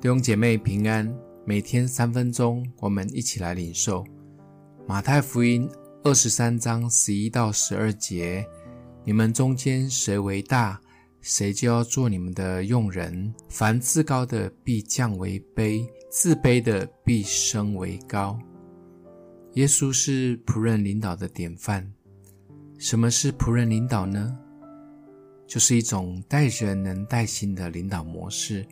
弟兄姐妹平安，每天三分鐘，我們一起來領受《馬太福音》二十三章十一到十二節：“你們中間誰為大，誰就要做你們的用人；凡自高的必降為卑，自卑的必升為高。”耶穌是僕人領導的典範。什麼是僕人領導呢？就是一種帶人能帶心的領導模式。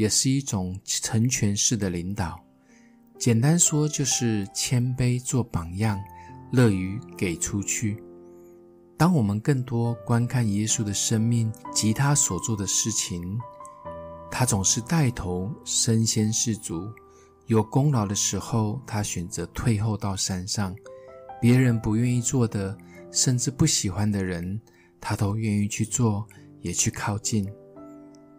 也是一種成全式的領導，簡單說就是謙卑做榜樣，樂於給出去。當我們更多觀看耶穌的生命及他所做的事情，他總是帶頭身先士卒。有功勞的時候，他選擇退後到山上；別人不願意做的，甚至不喜歡的人，他都願意去做，也去靠近。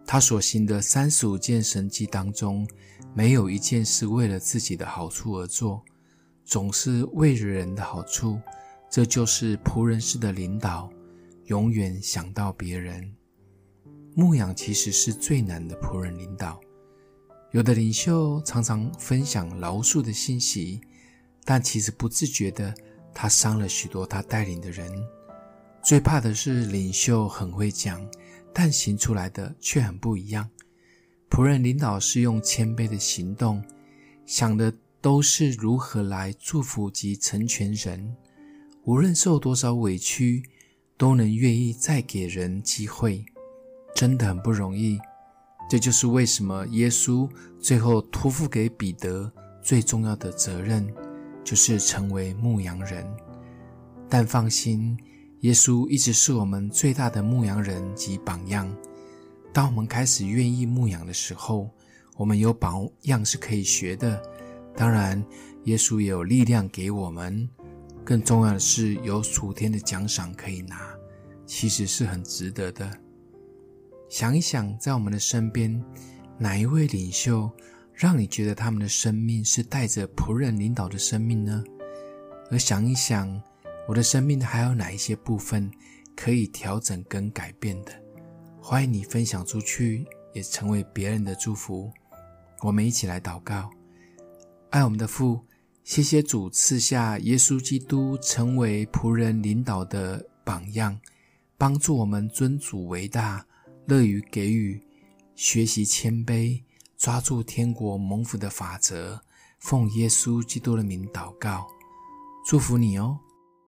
他所行的三十五件神蹟當中，沒有一件是為了自己的好處而做，總是為了人的好處。這就是僕人式的領導，永遠想到別人。牧養其實是最難的僕人領導。有的領袖常常分享饒恕的信息，但其實不自覺的，他傷了許多他帶領的人。最怕的是領袖很會講，但行出來的卻很不一樣。僕人領導是用謙卑的行動，想的都是如何來祝福及成全人。無論受多少委屈，都能願意再給人機會，真的很不容易。這就是為什麼耶穌最後託付給彼得最重要的責任，就是成為牧羊人。但放心。耶穌一直是我們最大的牧羊人及榜樣。當我們開始願意牧養的時候，我們有榜樣是可以學的。當然，耶穌也有力量給我們。更重要的是，有屬天的獎賞可以拿，其實是很值得的。想一想，在我們的身邊，哪一位領袖讓你覺得他們的生命是帶着僕人領導的生命呢？而想一想。我的生命還有哪一些部分可以調整跟改變的？歡迎你分享出去，也成為別人的祝福。我們一起來禱告：愛我們的父，謝謝主賜下耶穌基督成為僕人領導的榜樣，幫助我們尊主為大，樂於給予，學習謙卑，抓住天國蒙福的法則。奉耶穌基督的名禱告。祝福你哦。